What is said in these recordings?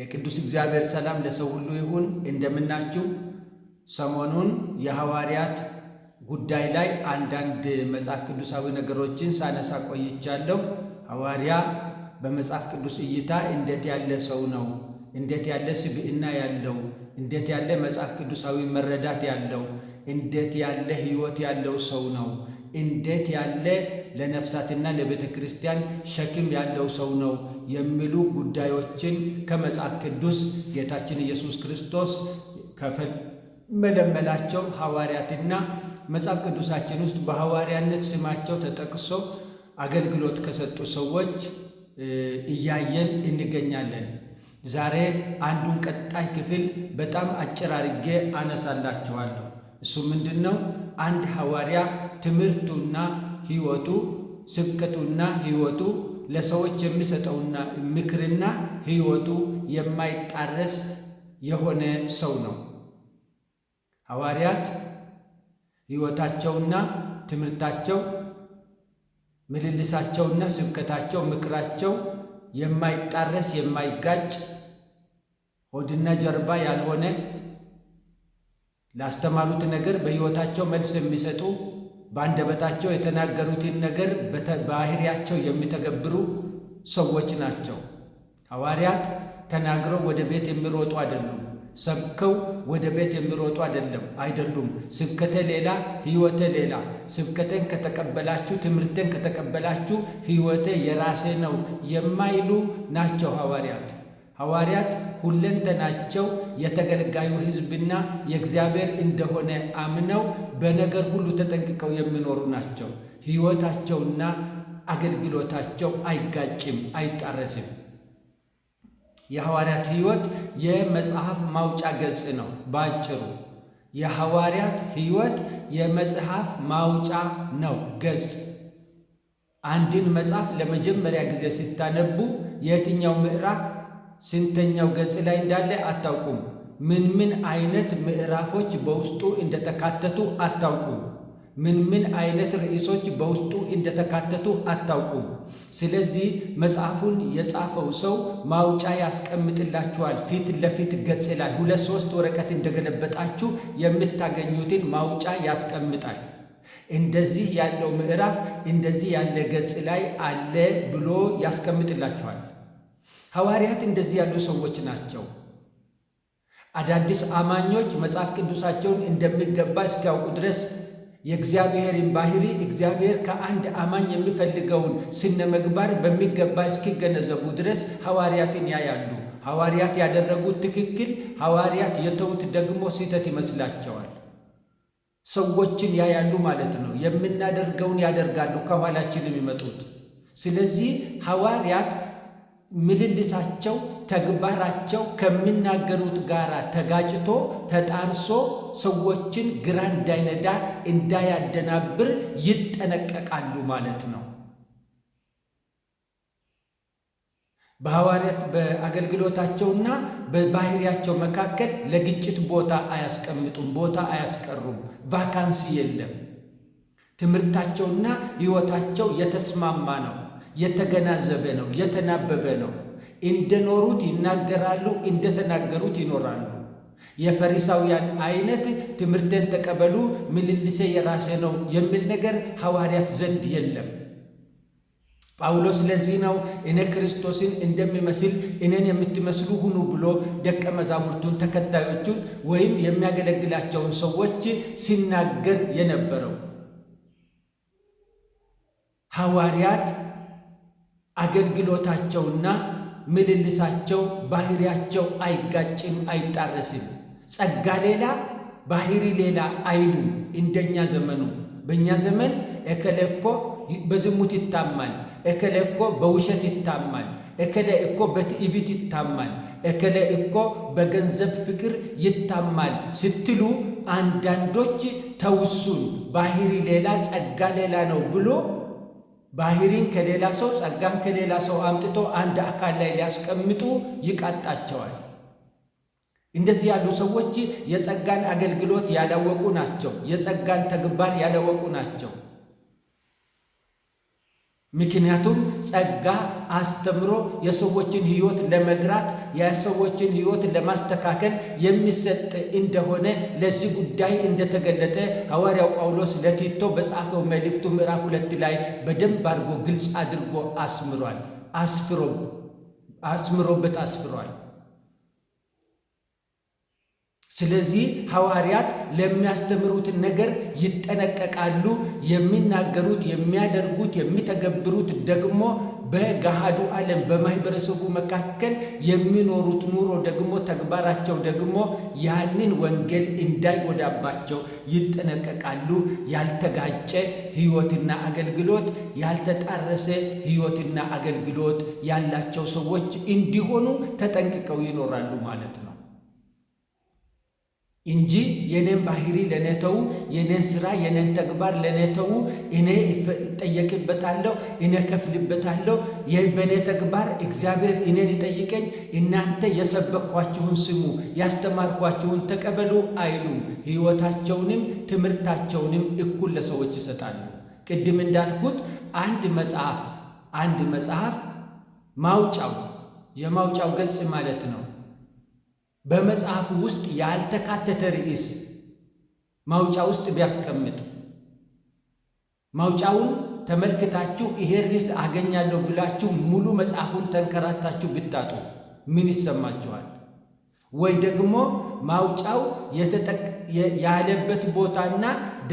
የቅዱስ እግዚአብሔር ሰላም ለሰው ሁሉ ይሁን። እንደምናችሁ። ሰሞኑን የሐዋርያት ጉዳይ ላይ አንዳንድ መጽሐፍ ቅዱሳዊ ነገሮችን ሳነሳ ቆይቻለሁ። ሐዋርያ በመጽሐፍ ቅዱስ እይታ እንዴት ያለ ሰው ነው? እንዴት ያለ ስብዕና ያለው፣ እንዴት ያለ መጽሐፍ ቅዱሳዊ መረዳት ያለው፣ እንዴት ያለ ሕይወት ያለው ሰው ነው? እንዴት ያለ ለነፍሳትና ለቤተ ክርስቲያን ሸክም ያለው ሰው ነው? የሚሉ ጉዳዮችን ከመጽሐፍ ቅዱስ ጌታችን ኢየሱስ ክርስቶስ ከመለመላቸው ሐዋርያትና መጽሐፍ ቅዱሳችን ውስጥ በሐዋርያነት ስማቸው ተጠቅሶ አገልግሎት ከሰጡ ሰዎች እያየን እንገኛለን። ዛሬ አንዱን ቀጣይ ክፍል በጣም አጭር አድርጌ አነሳላችኋለሁ። እሱ ምንድን ነው? አንድ ሐዋርያ ትምህርቱና ሕይወቱ ስብከቱና ሕይወቱ ለሰዎች የሚሰጠውና ምክርና ሕይወቱ የማይጣረስ የሆነ ሰው ነው። ሐዋርያት ሕይወታቸውና ትምህርታቸው፣ ምልልሳቸውና ስብከታቸው፣ ምክራቸው የማይጣረስ የማይጋጭ ሆድና ጀርባ ያልሆነ ላስተማሩት ነገር በሕይወታቸው መልስ የሚሰጡ በአንደበታቸው የተናገሩትን ነገር ባህሪያቸው የሚተገብሩ ሰዎች ናቸው። ሐዋርያት ተናግረው ወደ ቤት የሚሮጡ አይደሉም። ሰብከው ወደ ቤት የሚሮጡ አይደለም አይደሉም። ስብከተ ሌላ ሕይወተ ሌላ። ስብከተን ከተቀበላችሁ ትምህርቴን ከተቀበላችሁ ሕይወቴ የራሴ ነው የማይሉ ናቸው ሐዋርያት። ሐዋርያት ሁለንተናቸው የተገልጋዩ ሕዝብና የእግዚአብሔር እንደሆነ አምነው በነገር ሁሉ ተጠንቅቀው የሚኖሩ ናቸው። ሕይወታቸውና አገልግሎታቸው አይጋጭም፣ አይጣረስም። የሐዋርያት ሕይወት የመጽሐፍ ማውጫ ገጽ ነው። በአጭሩ የሐዋርያት ሕይወት የመጽሐፍ ማውጫ ነው ገጽ። አንድን መጽሐፍ ለመጀመሪያ ጊዜ ስታነቡ የትኛው ምዕራፍ ስንተኛው ገጽ ላይ እንዳለ አታውቁም። ምን ምን አይነት ምዕራፎች በውስጡ እንደተካተቱ አታውቁ። ምን ምን አይነት ርዕሶች በውስጡ እንደተካተቱ አታውቁ። ስለዚህ መጽሐፉን የጻፈው ሰው ማውጫ ያስቀምጥላችኋል። ፊት ለፊት ገጽ ላይ ሁለት ሶስት ወረቀት እንደገለበጣችሁ የምታገኙትን ማውጫ ያስቀምጣል። እንደዚህ ያለው ምዕራፍ እንደዚህ ያለ ገጽ ላይ አለ ብሎ ያስቀምጥላችኋል። ሐዋርያት እንደዚህ ያሉ ሰዎች ናቸው። አዳዲስ አማኞች መጽሐፍ ቅዱሳቸውን እንደሚገባ እስኪያውቁ ድረስ የእግዚአብሔርን ባህሪ እግዚአብሔር ከአንድ አማኝ የሚፈልገውን ስነ ምግባር በሚገባ እስኪገነዘቡ ድረስ ሐዋርያትን ያያሉ። ሐዋርያት ያደረጉት ትክክል፣ ሐዋርያት የተውት ደግሞ ስህተት ይመስላቸዋል። ሰዎችን ያያሉ ማለት ነው። የምናደርገውን ያደርጋሉ፣ ከኋላችን የሚመጡት። ስለዚህ ሐዋርያት ምልልሳቸው ተግባራቸው ከሚናገሩት ጋር ተጋጭቶ ተጣርሶ ሰዎችን ግራ እንዳይነዳ እንዳያደናብር ይጠነቀቃሉ ማለት ነው። በሐዋርያት በአገልግሎታቸውና በባህሪያቸው መካከል ለግጭት ቦታ አያስቀምጡም፣ ቦታ አያስቀሩም። ቫካንሲ የለም። ትምህርታቸውና ሕይወታቸው የተስማማ ነው። የተገናዘበ ነው፣ የተናበበ ነው። እንደኖሩት ይናገራሉ፣ እንደተናገሩት ይኖራሉ። የፈሪሳውያን አይነት ትምህርትን ተቀበሉ፣ ምልልሴ የራሴ ነው የሚል ነገር ሐዋርያት ዘንድ የለም። ጳውሎስ ለዚህ ነው እኔ ክርስቶስን እንደሚመስል እኔን የምትመስሉ ሁኑ ብሎ ደቀ መዛሙርቱን ተከታዮቹን ወይም የሚያገለግላቸውን ሰዎች ሲናገር የነበረው ሐዋርያት አገልግሎታቸውና ምልልሳቸው ባህሪያቸው አይጋጭም፣ አይጣረስም። ጸጋ ሌላ ባህሪ ሌላ አይሉ እንደኛ ዘመኑ በእኛ ዘመን እከለ እኮ በዝሙት ይታማል፣ እከለ እኮ በውሸት ይታማል፣ እከለ እኮ በትዕቢት ይታማል፣ እከለ እኮ በገንዘብ ፍቅር ይታማል ስትሉ አንዳንዶች ተውሱን ባህሪ ሌላ ጸጋ ሌላ ነው ብሎ ባህሪን ከሌላ ሰው ጸጋም ከሌላ ሰው አምጥቶ አንድ አካል ላይ ሊያስቀምጡ ይቃጣቸዋል። እንደዚህ ያሉ ሰዎች የጸጋን አገልግሎት ያላወቁ ናቸው። የጸጋን ተግባር ያላወቁ ናቸው። ምክንያቱም ጸጋ አስተምሮ የሰዎችን ሕይወት ለመግራት የሰዎችን ሕይወት ለማስተካከል የሚሰጥ እንደሆነ ለዚህ ጉዳይ እንደተገለጠ ሐዋርያው ጳውሎስ ለቲቶ በጻፈው መልእክቱ ምዕራፍ ሁለት ላይ በደንብ አድርጎ ግልጽ አድርጎ አስምሯል። አስፍሮ አስምሮበት አስፍሯል። ስለዚህ ሐዋርያት ለሚያስተምሩትን ነገር ይጠነቀቃሉ። የሚናገሩት፣ የሚያደርጉት፣ የሚተገብሩት ደግሞ በገሃዱ ዓለም በማህበረሰቡ መካከል የሚኖሩት ኑሮ ደግሞ ተግባራቸው ደግሞ ያንን ወንጌል እንዳይጎዳባቸው ይጠነቀቃሉ። ያልተጋጨ ሕይወትና አገልግሎት፣ ያልተጣረሰ ሕይወትና አገልግሎት ያላቸው ሰዎች እንዲሆኑ ተጠንቅቀው ይኖራሉ ማለት ነው። እንጂ የኔን ባህሪ ለእኔ ተዉ፣ የኔን ስራ የኔን ተግባር ለእኔ ተዉ። እኔ ጠየቅበታለሁ እኔ ከፍልበታለሁ። በእኔ ተግባር እግዚአብሔር እኔን ይጠይቀኝ። እናንተ የሰበኳችሁን ስሙ፣ ያስተማርኳችሁን ተቀበሉ አይሉም። ህይወታቸውንም ትምህርታቸውንም እኩል ለሰዎች ይሰጣሉ። ቅድም እንዳልኩት አንድ መጽሐፍ አንድ መጽሐፍ ማውጫው የማውጫው ገጽ ማለት ነው በመጽሐፉ ውስጥ ያልተካተተ ርዕስ ማውጫ ውስጥ ቢያስቀምጥ ማውጫውን ተመልክታችሁ ይሄ ርዕስ አገኛለሁ ብላችሁ ሙሉ መጽሐፉን ተንከራታችሁ ብታጡ ምን ይሰማችኋል? ወይ ደግሞ ማውጫው ያለበት ቦታና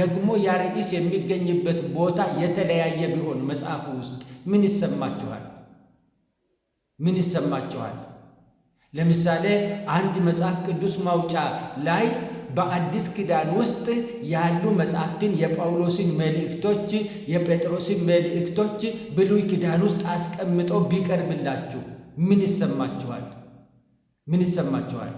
ደግሞ ያ ርዕስ የሚገኝበት ቦታ የተለያየ ቢሆን መጽሐፉ ውስጥ ምን ይሰማችኋል? ምን ይሰማችኋል? ለምሳሌ አንድ መጽሐፍ ቅዱስ ማውጫ ላይ በአዲስ ኪዳን ውስጥ ያሉ መጽሐፍትን የጳውሎስን መልእክቶች፣ የጴጥሮስን መልእክቶች ብሉይ ኪዳን ውስጥ አስቀምጠው ቢቀርብላችሁ ምን ይሰማችኋል? ምን ይሰማችኋል?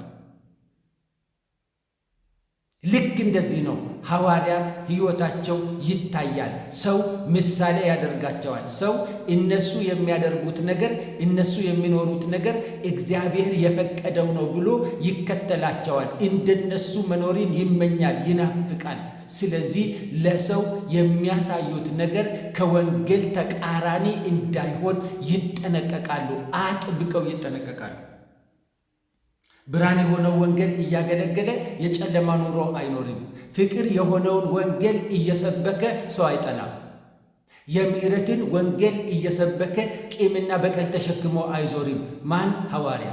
ልክ እንደዚህ ነው። ሐዋርያት ሕይወታቸው ይታያል። ሰው ምሳሌ ያደርጋቸዋል። ሰው እነሱ የሚያደርጉት ነገር እነሱ የሚኖሩት ነገር እግዚአብሔር የፈቀደው ነው ብሎ ይከተላቸዋል። እንደነሱ መኖሪን ይመኛል፣ ይናፍቃል። ስለዚህ ለሰው የሚያሳዩት ነገር ከወንጌል ተቃራኒ እንዳይሆን ይጠነቀቃሉ፣ አጥብቀው ይጠነቀቃሉ። ብርሃን የሆነው ወንጌል እያገለገለ የጨለማ ኑሮ አይኖርም። ፍቅር የሆነውን ወንጌል እየሰበከ ሰው አይጠላም። የምሕረትን ወንጌል እየሰበከ ቂምና በቀል ተሸክሞ አይዞርም። ማን? ሐዋርያ።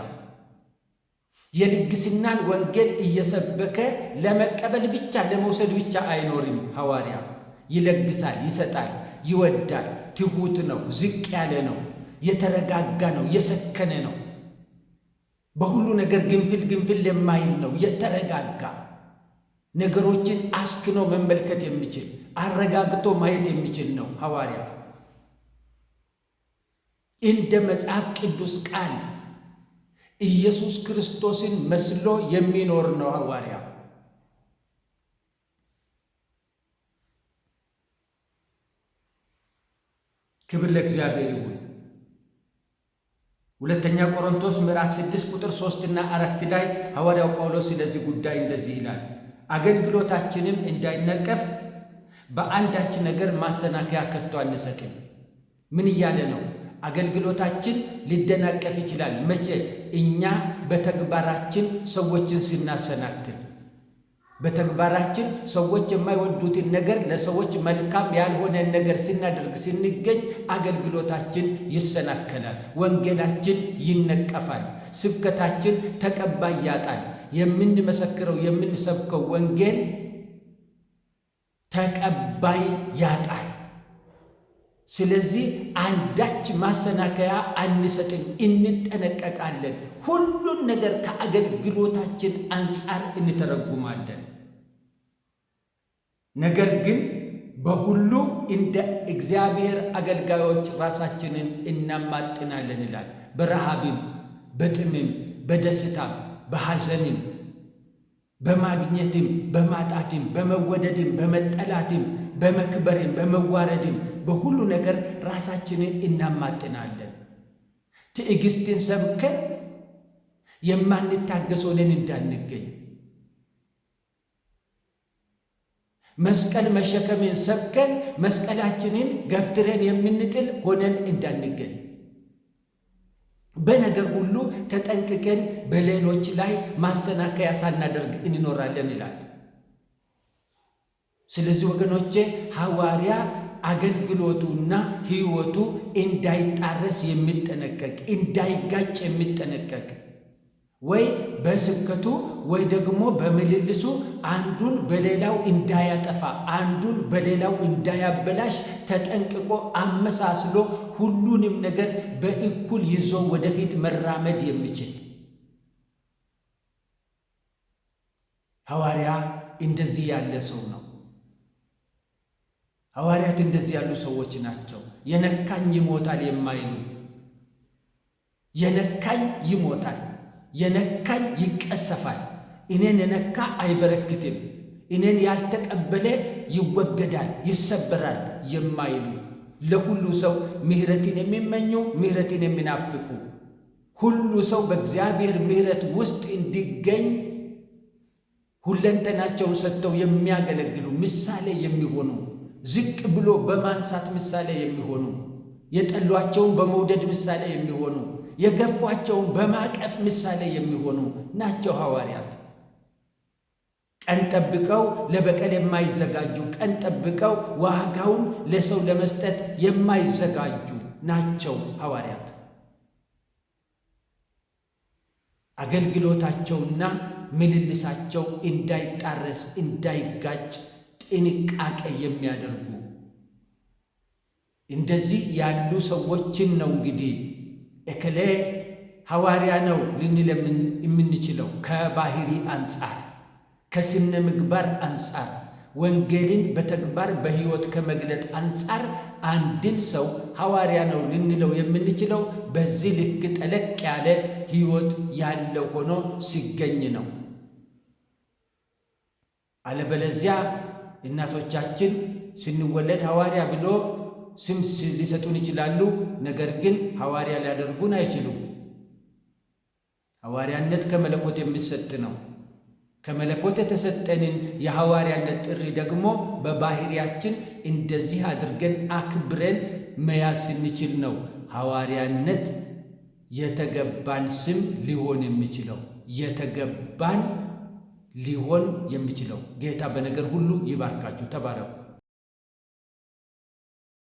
የልግስናን ወንጌል እየሰበከ ለመቀበል ብቻ ለመውሰድ ብቻ አይኖርም። ሐዋርያ ይለግሳል፣ ይሰጣል፣ ይወዳል፣ ትሑት ነው፣ ዝቅ ያለ ነው፣ የተረጋጋ ነው፣ የሰከነ ነው። በሁሉ ነገር ግንፍል ግንፍል የማይል ነው። የተረጋጋ ነገሮችን አስክኖ መመልከት የሚችል አረጋግቶ ማየት የሚችል ነው ሐዋርያ እንደ መጽሐፍ ቅዱስ ቃል ኢየሱስ ክርስቶስን መስሎ የሚኖር ነው ሐዋርያ። ክብር ለእግዚአብሔር ይሁን። ሁለተኛ ቆሮንቶስ ምዕራፍ 6 ቁጥር 3 እና 4 ላይ ሐዋርያው ጳውሎስ ስለዚህ ጉዳይ እንደዚህ ይላል፣ አገልግሎታችንም እንዳይነቀፍ በአንዳች ነገር ማሰናከያ ከቶ አንሰጥም። ምን እያለ ነው? አገልግሎታችን ሊደናቀፍ ይችላል። መቼ? እኛ በተግባራችን ሰዎችን ስናሰናክል በተግባራችን ሰዎች የማይወዱትን ነገር ለሰዎች መልካም ያልሆነን ነገር ስናደርግ ስንገኝ አገልግሎታችን ይሰናከላል፣ ወንጌላችን ይነቀፋል፣ ስብከታችን ተቀባይ ያጣል። የምንመሰክረው የምንሰብከው ወንጌል ተቀባይ ያጣል። ስለዚህ አንዳች ማሰናከያ አንሰጥም፣ እንጠነቀቃለን። ሁሉን ነገር ከአገልግሎታችን አንጻር እንተረጉማለን። ነገር ግን በሁሉ እንደ እግዚአብሔር አገልጋዮች ራሳችንን እናማጥናለን ይላል። በረሃብም፣ በጥምም፣ በደስታም፣ በሐዘንም፣ በማግኘትም፣ በማጣትም፣ በመወደድም፣ በመጠላትም፣ በመክበርም፣ በመዋረድም በሁሉ ነገር ራሳችንን እናማጥናለን። ትዕግስትን ሰብከን የማንታገስ ሆነን እንዳንገኝ መስቀል መሸከምን ሰብከን መስቀላችንን ገፍትረን የምንጥል ሆነን እንዳንገኝ በነገር ሁሉ ተጠንቅቀን በሌሎች ላይ ማሰናከያ ሳናደርግ እንኖራለን ይላል። ስለዚህ ወገኖቼ ሐዋርያ አገልግሎቱና ሕይወቱ እንዳይጣረስ የሚጠነቀቅ እንዳይጋጭ የሚጠነቀቅ ወይ በስብከቱ ወይ ደግሞ በምልልሱ አንዱን በሌላው እንዳያጠፋ አንዱን በሌላው እንዳያበላሽ ተጠንቅቆ አመሳስሎ ሁሉንም ነገር በእኩል ይዞ ወደፊት መራመድ የሚችል ሐዋርያ እንደዚህ ያለ ሰው ነው። ሐዋርያት እንደዚህ ያሉ ሰዎች ናቸው። የነካኝ ይሞታል የማይሉ የነካኝ ይሞታል፣ የነካኝ ይቀሰፋል፣ እኔን የነካ አይበረክትም፣ እኔን ያልተቀበለ ይወገዳል፣ ይሰበራል የማይሉ ለሁሉ ሰው ምሕረትን የሚመኙ ምሕረትን የሚናፍቁ ሁሉ ሰው በእግዚአብሔር ምሕረት ውስጥ እንዲገኝ ሁለንተናቸውን ሰጥተው የሚያገለግሉ ምሳሌ የሚሆኑ ዝቅ ብሎ በማንሳት ምሳሌ የሚሆኑ የጠሏቸውን በመውደድ ምሳሌ የሚሆኑ የገፏቸውን በማቀፍ ምሳሌ የሚሆኑ ናቸው ሐዋርያት። ቀን ጠብቀው ለበቀል የማይዘጋጁ ቀን ጠብቀው ዋጋውን ለሰው ለመስጠት የማይዘጋጁ ናቸው ሐዋርያት። አገልግሎታቸውና ምልልሳቸው እንዳይጣረስ እንዳይጋጭ ጥንቃቄ የሚያደርጉ እንደዚህ ያሉ ሰዎችን ነው እንግዲህ እከሌ ሐዋርያ ነው ልንል የምንችለው ከባህሪ አንጻር ከስነ ምግባር አንጻር ወንጌልን በተግባር በሕይወት ከመግለጥ አንጻር አንድን ሰው ሐዋርያ ነው ልንለው የምንችለው በዚህ ልክ ጠለቅ ያለ ሕይወት ያለው ሆኖ ሲገኝ ነው። አለበለዚያ እናቶቻችን ስንወለድ ሐዋርያ ብሎ ስም ሊሰጡን ይችላሉ። ነገር ግን ሐዋርያ ሊያደርጉን አይችሉም። ሐዋርያነት ከመለኮት የሚሰጥ ነው። ከመለኮት የተሰጠንን የሐዋርያነት ጥሪ ደግሞ በባህሪያችን እንደዚህ አድርገን አክብረን መያዝ ስንችል ነው ሐዋርያነት የተገባን ስም ሊሆን የሚችለው የተገባን ሊሆን የሚችለው ጌታ በነገር ሁሉ ይባርካችሁ። ተባረኩ።